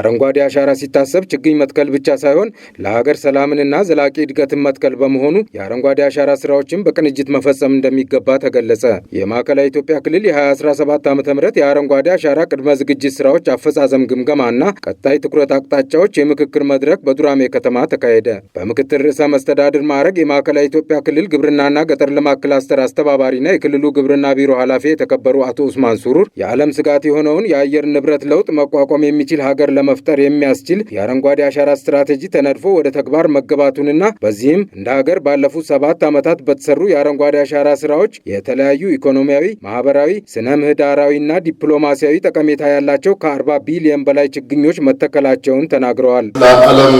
አረንጓዴ አሻራ ሲታሰብ ችግኝ መትከል ብቻ ሳይሆን ለሀገር ሰላምንና ዘላቂ እድገትን መትከል በመሆኑ የአረንጓዴ አሻራ ስራዎችን በቅንጅት መፈጸም እንደሚገባ ተገለጸ። የማዕከላዊ ኢትዮጵያ ክልል የ2017 ዓ ም የአረንጓዴ አሻራ ቅድመ ዝግጅት ስራዎች አፈጻጸም ግምገማና ቀጣይ ትኩረት አቅጣጫዎች የምክክር መድረክ በዱራሜ ከተማ ተካሄደ። በምክትል ርዕሰ መስተዳድር ማዕረግ የማዕከላዊ ኢትዮጵያ ክልል ግብርናና ገጠር ልማት ክላስተር አስተባባሪና የክልሉ ግብርና ቢሮ ኃላፊ የተከበሩ አቶ ኡስማን ሱሩር የዓለም ስጋት የሆነውን የአየር ንብረት ለውጥ መቋቋም የሚችል ሀገር ለመፍጠር የሚያስችል የአረንጓዴ አሻራ ስትራቴጂ ተነድፎ ወደ ተግባር መገባቱንና በዚህም እንደ ሀገር ባለፉት ሰባት ዓመታት በተሰሩ የአረንጓዴ አሻራ ስራዎች የተለያዩ ኢኮኖሚያዊ፣ ማህበራዊ፣ ስነ ምህዳራዊና ዲፕሎማሲያዊ ጠቀሜታ ያላቸው ከ ከአርባ ቢሊዮን በላይ ችግኞች መተከላቸውን ተናግረዋል። ለዓለም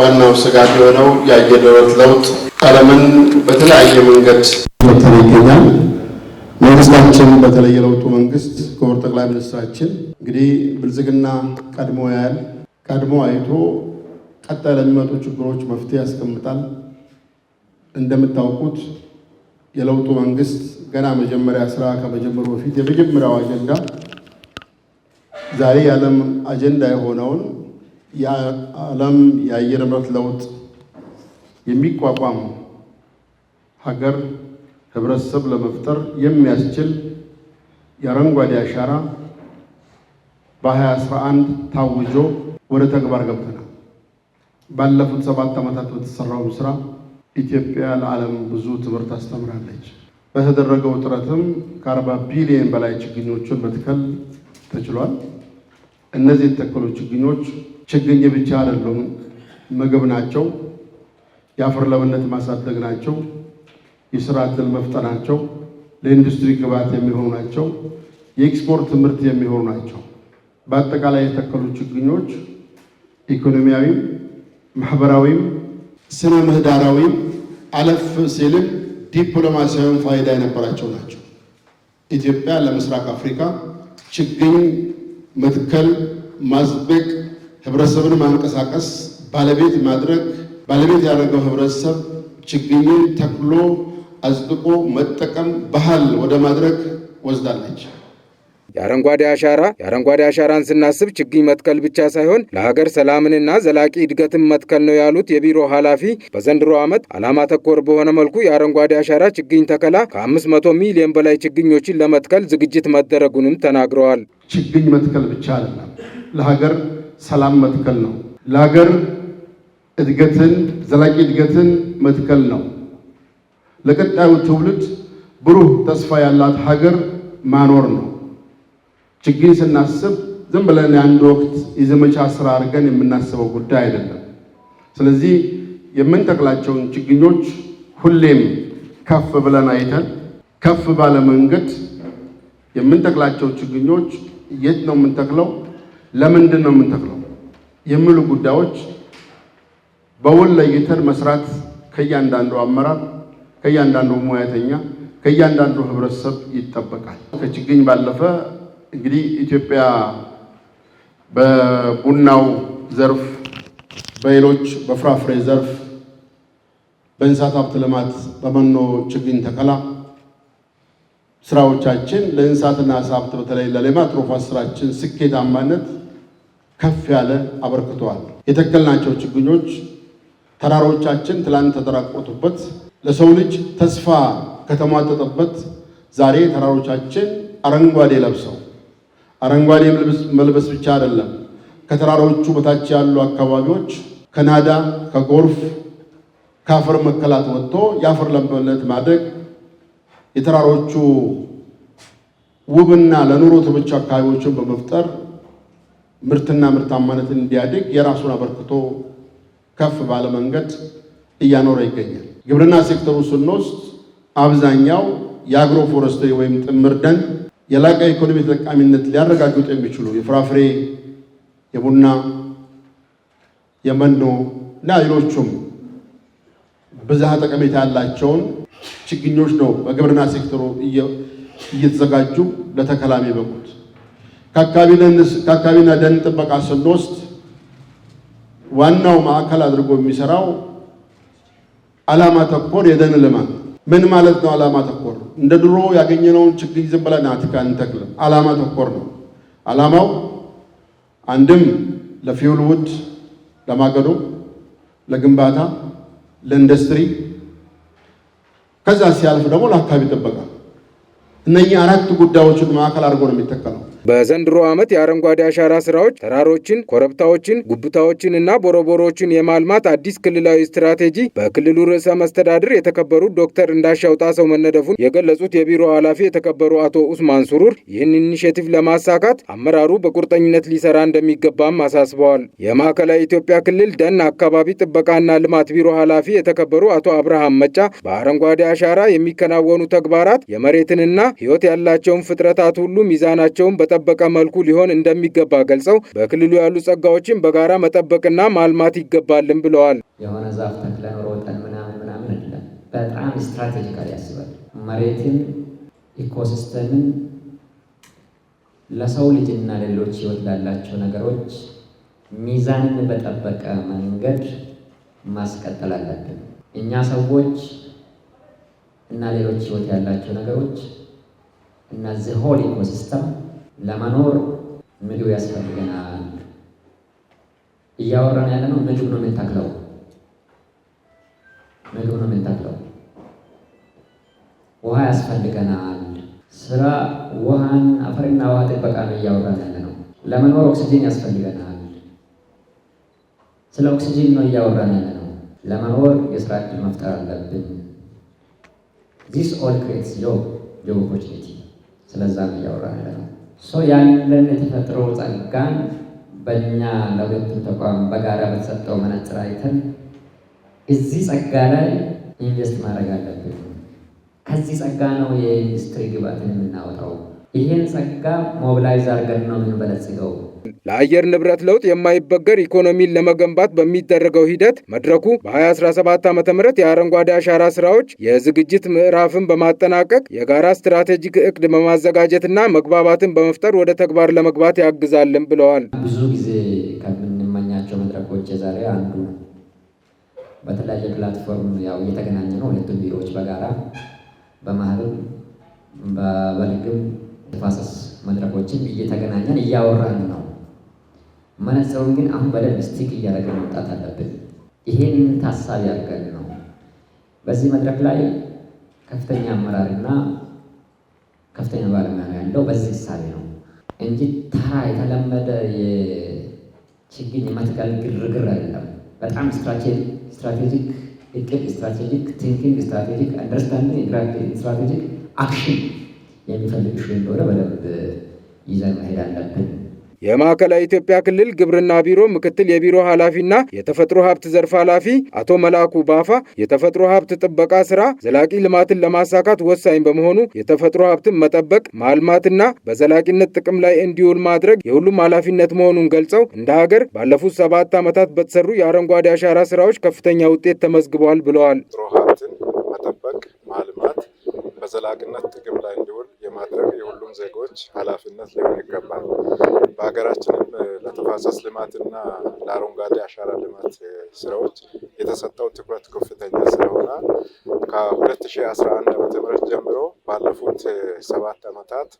ዋናው ስጋት የሆነው የአየር ንብረት ለውጥ ዓለምን በተለያየ መንገድ ይገኛል። መንግስታችን በተለየ ለውጡ መንግስት ክቡር ጠቅላይ ሚኒስትራችን እንግዲህ ብልጽግና ቀድሞ ያያል፣ ቀድሞ አይቶ ቀጣይ ለሚመጡ ችግሮች መፍትሄ ያስቀምጣል። እንደምታውቁት የለውጡ መንግስት ገና መጀመሪያ ስራ ከመጀመሩ በፊት የመጀመሪያው አጀንዳ ዛሬ የዓለም አጀንዳ የሆነውን የዓለም የአየር ንብረት ለውጥ የሚቋቋም ሀገር ህብረተሰብ ለመፍጠር የሚያስችል የአረንጓዴ አሻራ በ2011 ታውጆ ወደ ተግባር ገብተናል። ባለፉት ሰባት ዓመታት በተሰራውም ስራ ኢትዮጵያ ለዓለም ብዙ ትምህርት አስተምራለች። በተደረገው ጥረትም ከ ቢሊየን ቢሊዮን በላይ ችግኞችን መትከል ተችሏል። እነዚህ የተተከሉ ችግኞች ችግኝ ብቻ አይደሉም፣ ምግብ ናቸው፣ የአፈር ለምነት ማሳደግ ናቸው፣ የስራ እድል መፍጠር ናቸው፣ ለኢንዱስትሪ ግብዓት የሚሆኑ ናቸው፣ የኤክስፖርት ምርት የሚሆኑ ናቸው። በአጠቃላይ የተከሉ ችግኞች ኢኮኖሚያዊም፣ ማህበራዊም፣ ስነ ምህዳራዊም አለፍ ሲልም ዲፕሎማሲያዊም ፋይዳ የነበራቸው ናቸው። ኢትዮጵያ ለምስራቅ አፍሪካ ችግኝ መትከል፣ ማጽደቅ፣ ህብረተሰብን ማንቀሳቀስ፣ ባለቤት ማድረግ ባለቤት ያደረገው ህብረተሰብ ችግኝን ተክሎ አጽድቆ መጠቀም ባህል ወደ ማድረግ ወስዳለች። የአረንጓዴ አሻራ የአረንጓዴ አሻራን ስናስብ ችግኝ መትከል ብቻ ሳይሆን ለሀገር ሰላምንና ዘላቂ እድገትን መትከል ነው ያሉት የቢሮ ኃላፊ በዘንድሮ ዓመት ዓላማ ተኮር በሆነ መልኩ የአረንጓዴ አሻራ ችግኝ ተከላ ከ500 ሚሊዮን በላይ ችግኞችን ለመትከል ዝግጅት መደረጉንም ተናግረዋል። ችግኝ መትከል ብቻ አይደለም፣ ለሀገር ሰላም መትከል ነው። ለሀገር እድገትን ዘላቂ እድገትን መትከል ነው። ለቀጣዩ ትውልድ ብሩህ ተስፋ ያላት ሀገር ማኖር ነው። ችግኝ ስናስብ ዝም ብለን የአንድ ወቅት የዘመቻ ስራ አድርገን የምናስበው ጉዳይ አይደለም። ስለዚህ የምንተክላቸውን ችግኞች ሁሌም ከፍ ብለን አይተን ከፍ ባለ መንገድ የምንተክላቸው ችግኞች የት ነው የምንተክለው፣ ለምንድን ነው የምንተክለው የሚሉ ጉዳዮች በውል ለይተን መስራት ከእያንዳንዱ አመራር፣ ከእያንዳንዱ ሙያተኛ፣ ከእያንዳንዱ ህብረተሰብ ይጠበቃል። ከችግኝ ባለፈ እንግዲህ ኢትዮጵያ በቡናው ዘርፍ፣ በሌሎች በፍራፍሬ ዘርፍ፣ በእንስሳት ሀብት ልማት፣ በመኖ ችግኝ ተከላ ስራዎቻችን ለእንስሳትና ሀብት በተለይ ለሌማት ትሩፋት ስራችን ስኬታማነት ከፍ ያለ አበርክተዋል። የተከልናቸው ችግኞች ተራሮቻችን ትላንት ተጠራቆቱበት ለሰው ልጅ ተስፋ ከተሟጠጠበት ዛሬ ተራሮቻችን አረንጓዴ ለብሰው አረንጓዴ መልበስ ብቻ አይደለም። ከተራሮቹ በታች ያሉ አካባቢዎች ከናዳ ከጎርፍ ከአፈር መከላት ወጥቶ የአፈር ለምነት ማደግ የተራሮቹ ውብና ለኑሮ ተመቹ አካባቢዎችን በመፍጠር ምርትና ምርታማነትን እንዲያድግ የራሱን አበርክቶ ከፍ ባለ መንገድ እያኖረ ይገኛል። ግብርና ሴክተሩ ስንወስድ አብዛኛው የአግሮ ፎረስትሪ ወይም ጥምር ደን የላቀ ኢኮኖሚ ተጠቃሚነት ሊያረጋግጡ የሚችሉ የፍራፍሬ፣ የቡና፣ የመኖ እና ሌሎቹም ብዝሃ ጠቀሜታ ያላቸውን ችግኞች ነው በግብርና ሴክተሩ እየተዘጋጁ ለተከላሚ የበቁት። ከአካባቢና ደን ጥበቃ ስንወስድ ዋናው ማዕከል አድርጎ የሚሰራው ዓላማ ተኮር የደን ልማት ምን ማለት ነው? ዓላማ ተኮር እንደ ድሮ ያገኘነውን ችግኝ ዝም ብለን አትካ እንተክልም። አላማ ተኮር ነው። አላማው አንድም ለፊውል ውድ፣ ለማገዶ፣ ለግንባታ፣ ለኢንዱስትሪ ከዛ ሲያልፍ ደግሞ ለአካባቢ ጥበቃ እነኚህ አራት ጉዳዮችን ማዕከል አድርጎ ነው የሚተከለው። በዘንድሮ ዓመት የአረንጓዴ አሻራ ስራዎች ተራሮችን፣ ኮረብታዎችን፣ ጉብታዎችን እና ቦረቦሮችን የማልማት አዲስ ክልላዊ ስትራቴጂ በክልሉ ርዕሰ መስተዳድር የተከበሩት ዶክተር እንዳሻው ጣሰው መነደፉን የገለጹት የቢሮ ኃላፊ የተከበሩ አቶ ኡስማን ሱሩር ይህን ኢኒሽቲቭ ለማሳካት አመራሩ በቁርጠኝነት ሊሰራ እንደሚገባም አሳስበዋል። የማዕከላዊ ኢትዮጵያ ክልል ደን አካባቢ ጥበቃና ልማት ቢሮ ኃላፊ የተከበሩ አቶ አብርሃም መጫ በአረንጓዴ አሻራ የሚከናወኑ ተግባራት የመሬትንና ሕይወት ያላቸውን ፍጥረታት ሁሉ ሚዛናቸውን በጠበቀ መልኩ ሊሆን እንደሚገባ ገልጸው በክልሉ ያሉ ጸጋዎችን በጋራ መጠበቅና ማልማት ይገባልን ብለዋል። የሆነ ዛፍ ተክለን ሮጠን ምናምን ምናምን አይደለም። በጣም ስትራቴጂካል ያስባል። መሬትን፣ ኢኮሲስተምን ለሰው ልጅና ሌሎች ህይወት ላላቸው ነገሮች ሚዛንን በጠበቀ መንገድ ማስቀጠል አለብን። እኛ ሰዎች እና ሌሎች ህይወት ያላቸው ነገሮች እነዚህ ሆል ኢኮሲስተም ለመኖር ምግብ ያስፈልገናል። እያወራን ያለ ነው ምግብ ነው የምንተክለው፣ ምግብ ነው የምንተክለው። ውሃ ያስፈልገናል። ስራ ውሃን፣ አፈርና ውሃ ጥበቃ ነው እያወራን ያለ ነው። ለመኖር ኦክሲጅን ያስፈልገናል። ስለ ኦክሲጅን ነው እያወራን ያለ ነው። ለመኖር የስራ እድል መፍጠር አለብን። ዚስ ኦል ክሬትስ ጆብ ኦፖርቹኒቲ። ስለዛ ነው እያወራን ያለ ነው። ሰው ያለን የተፈጥሮ ጸጋን በእኛ ለሁለቱም ተቋም በጋራ በተሰጠው መነጽር አይተን እዚህ ጸጋ ላይ ኢንቨስት ማድረግ አለብን። ከዚህ ጸጋ ነው የኢንዱስትሪ ግብአትን የምናወጣው። ይህን ጸጋ ሞቢላይዝ አድርገን ነው የምንበለጽገው። ለአየር ንብረት ለውጥ የማይበገር ኢኮኖሚን ለመገንባት በሚደረገው ሂደት መድረኩ በ2017 ዓ ም የአረንጓዴ አሻራ ስራዎች የዝግጅት ምዕራፍን በማጠናቀቅ የጋራ ስትራቴጂክ እቅድ በማዘጋጀትና መግባባትን በመፍጠር ወደ ተግባር ለመግባት ያግዛልን ብለዋል። ብዙ ጊዜ ከምንመኛቸው መድረኮች የዛሬ አንዱ ነው። በተለያየ ፕላትፎርም ያው እየተገናኘ ነው። ሁለቱም ቢሮዎች በጋራ በማህበር በበልግም ፋሰስ መድረኮችን እየተገናኘን እያወራን ነው። መነጽሩን ግን አሁን በደንብ ስቲክ እያደረገ መምጣት አለብን። ይሄን ታሳቢ አድርገን ነው በዚህ መድረክ ላይ ከፍተኛ አመራርና ከፍተኛ ባለሙያ ነው ያለው። በዚህ እሳቤ ነው እንጂ ተራ የተለመደ የችግኝ የመትከል ግርግር አይደለም። በጣም ስትራቴጂክ እቅድ፣ ስትራቴጂክ ቲንኪንግ፣ ስትራቴጂክ አንደርስታንዲንግ፣ ስትራቴጂክ አክሽን የሚፈልግሽ እንደሆነ በደንብ ይዘን መሄድ አለብን። የማዕከላዊ ኢትዮጵያ ክልል ግብርና ቢሮ ምክትል የቢሮ ኃላፊና የተፈጥሮ ሀብት ዘርፍ ኃላፊ አቶ መላኩ ባፋ የተፈጥሮ ሀብት ጥበቃ ስራ ዘላቂ ልማትን ለማሳካት ወሳኝ በመሆኑ የተፈጥሮ ሀብትን መጠበቅ፣ ማልማትና በዘላቂነት ጥቅም ላይ እንዲውል ማድረግ የሁሉም ኃላፊነት መሆኑን ገልጸው እንደ ሀገር ባለፉት ሰባት ዓመታት በተሰሩ የአረንጓዴ አሻራ ስራዎች ከፍተኛ ውጤት ተመዝግበዋል ብለዋል። ማልማት በዘላቂነት ጥቅም ላይ ማድረግ የሁሉም ዜጎች ኃላፊነት ሊሆን ይገባል። በሀገራችንም ለተፋሰስ ልማትና ለአረንጓዴ አሻራ ልማት ስራዎች የተሰጠው ትኩረት ከፍተኛ ስለሆነ ከ2011 ዓ.ም ጀምሮ ባለፉት ሰባት ዓመታት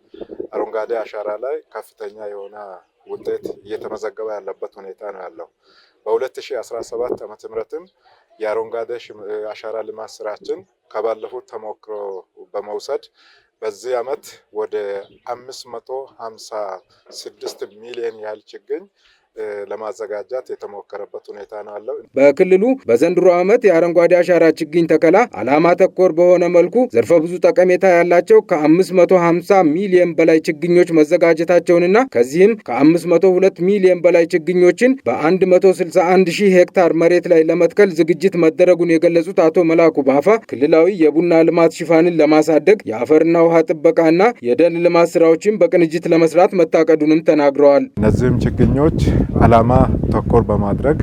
አረንጓዴ አሻራ ላይ ከፍተኛ የሆነ ውጤት እየተመዘገበ ያለበት ሁኔታ ነው ያለው። በ2017 ዓ ምትም የአረንጓዴ አሻራ ልማት ስራችን ከባለፉት ተሞክሮ በመውሰድ በዚህ ዓመት ወደ ስድስት ሚሊዮን ያህል ችግኝ ለማዘጋጃት የተሞከረበት ሁኔታ ነው ያለው። በክልሉ በዘንድሮ ዓመት የአረንጓዴ አሻራ ችግኝ ተከላ ዓላማ ተኮር በሆነ መልኩ ዘርፈ ብዙ ጠቀሜታ ያላቸው ከ550 ሚሊዮን በላይ ችግኞች መዘጋጀታቸውንና ከዚህም ከ502 ሚሊዮን በላይ ችግኞችን በ161 ሺህ ሄክታር መሬት ላይ ለመትከል ዝግጅት መደረጉን የገለጹት አቶ መላኩ ባፋ ክልላዊ የቡና ልማት ሽፋንን ለማሳደግ የአፈርና ውሃ ጥበቃና የደን ልማት ስራዎችን በቅንጅት ለመስራት መታቀዱንም ተናግረዋል። እነዚህም ችግኞች ዓላማ ተኮር በማድረግ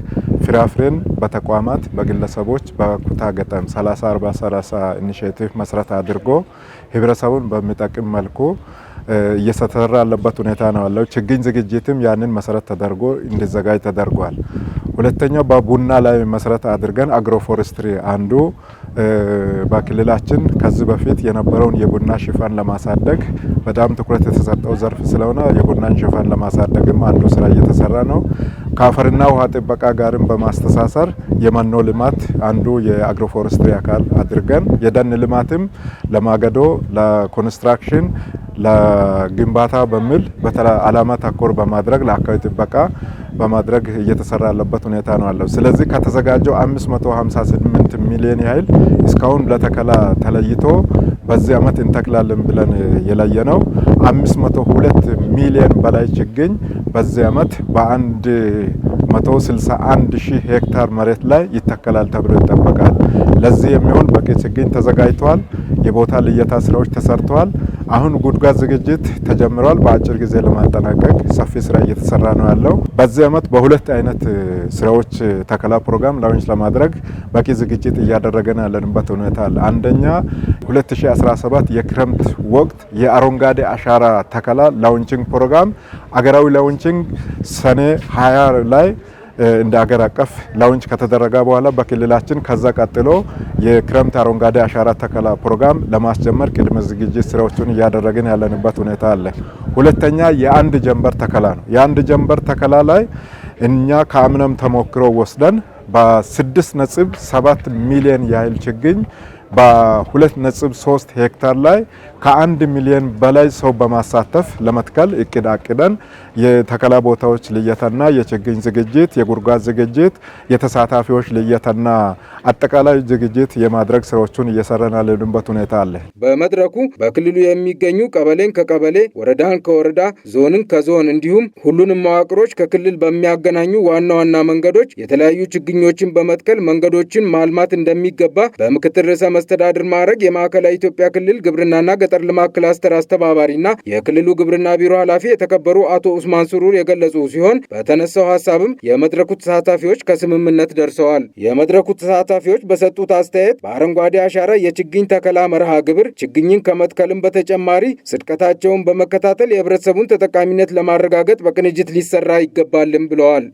ፍራፍሬን በተቋማት በግለሰቦች በኩታ ገጠም 30 40 30 ኢኒሼቲቭ መሰረት አድርጎ ህብረተሰቡን በሚጠቅም መልኩ እየተሰራ ያለበት ሁኔታ ነው ያለው። ችግኝ ዝግጅትም ያንን መሰረት ተደርጎ እንዲዘጋጅ ተደርጓል። ሁለተኛው በቡና ላይ መሰረት አድርገን አግሮ ፎረስትሪ አንዱ በክልላችን ከዚህ በፊት የነበረውን የቡና ሽፋን ለማሳደግ በጣም ትኩረት የተሰጠው ዘርፍ ስለሆነ የቡናን ሽፋን ለማሳደግም አንዱ ስራ እየተሰራ ነው። ከአፈርና ውሃ ጥበቃ ጋርም በማስተሳሰር የመኖ ልማት አንዱ የአግሮ ፎረስትሪ አካል አድርገን የደን ልማትም ለማገዶ፣ ለኮንስትራክሽን ለግንባታ በሚል አላማ ተኮር በማድረግ ለአካባቢ ጥበቃ በማድረግ እየተሰራ ያለበት ሁኔታ ነው ያለው። ስለዚህ ከተዘጋጀው 558 ሚሊዮን ያህል እስካሁን ለተከላ ተለይቶ በዚህ ዓመት እንተክላለን ብለን የለየ ነው 502 ሚሊዮን በላይ ችግኝ በዚህ ዓመት በአንድ 161 ሺህ ሄክታር መሬት ላይ ይተከላል ተብሎ ይጠበቃል። ለዚህ የሚሆን ችግኝ ተዘጋጅተዋል። የቦታ ልየታ ስራዎች ተሰርተዋል። አሁን ጉድጓድ ዝግጅት ተጀምሯል። በአጭር ጊዜ ለማጠናቀቅ ሰፊ ስራ እየተሰራ ነው ያለው። በዚህ አመት በሁለት አይነት ስራዎች ተከላ ፕሮግራም ላውንች ለማድረግ በቂ ዝግጅት እያደረገን ያለንበት ሁኔታ አለ። አንደኛ 2017 የክረምት ወቅት የአረንጓዴ አሻራ ተከላ ላውንቺንግ ፕሮግራም አገራዊ ላውንቺንግ ሰኔ 20 ላይ እንደ ሀገር አቀፍ ላውንች ከተደረገ በኋላ በክልላችን ከዛ ቀጥሎ የክረምት አረንጓዴ አሻራ ተከላ ፕሮግራም ለማስጀመር ቅድመ ዝግጅት ስራዎችን እያደረግን ያለንበት ሁኔታ አለ። ሁለተኛ የአንድ ጀንበር ተከላ ነው። የአንድ ጀንበር ተከላ ላይ እኛ ከአምነም ተሞክሮ ወስደን በ6 ነጥብ ሰባት ሚሊዮን ያህል ችግኝ በ2.3 ሄክታር ላይ ከአንድ ሚሊዮን በላይ ሰው በማሳተፍ ለመትከል እቅድ አቅደን የተከላ ቦታዎች ልየተና የችግኝ ዝግጅት፣ የጉድጓድ ዝግጅት፣ የተሳታፊዎች ልየተና አጠቃላይ ዝግጅት የማድረግ ስራዎቹን እየሰራን ያለንበት ሁኔታ አለ። በመድረኩ በክልሉ የሚገኙ ቀበሌን ከቀበሌ ወረዳን ከወረዳ ዞንን ከዞን እንዲሁም ሁሉንም መዋቅሮች ከክልል በሚያገናኙ ዋና ዋና መንገዶች የተለያዩ ችግኞችን በመትከል መንገዶችን ማልማት እንደሚገባ በምክትል ርዕሰ መስተዳድር ማዕረግ የማዕከላዊ ኢትዮጵያ ክልል ግብርናና ገጠር ልማት ክላስተር አስተባባሪና የክልሉ ግብርና ቢሮ ኃላፊ የተከበሩ አቶ ኡስማን ስሩር የገለጹ ሲሆን በተነሳው ሀሳብም የመድረኩ ተሳታፊዎች ከስምምነት ደርሰዋል። የመድረኩ ተሳታፊዎች በሰጡት አስተያየት በአረንጓዴ አሻራ የችግኝ ተከላ መርሃ ግብር ችግኝን ከመትከልም በተጨማሪ ስድቀታቸውን በመከታተል የህብረተሰቡን ተጠቃሚነት ለማረጋገጥ በቅንጅት ሊሰራ ይገባልም ብለዋል።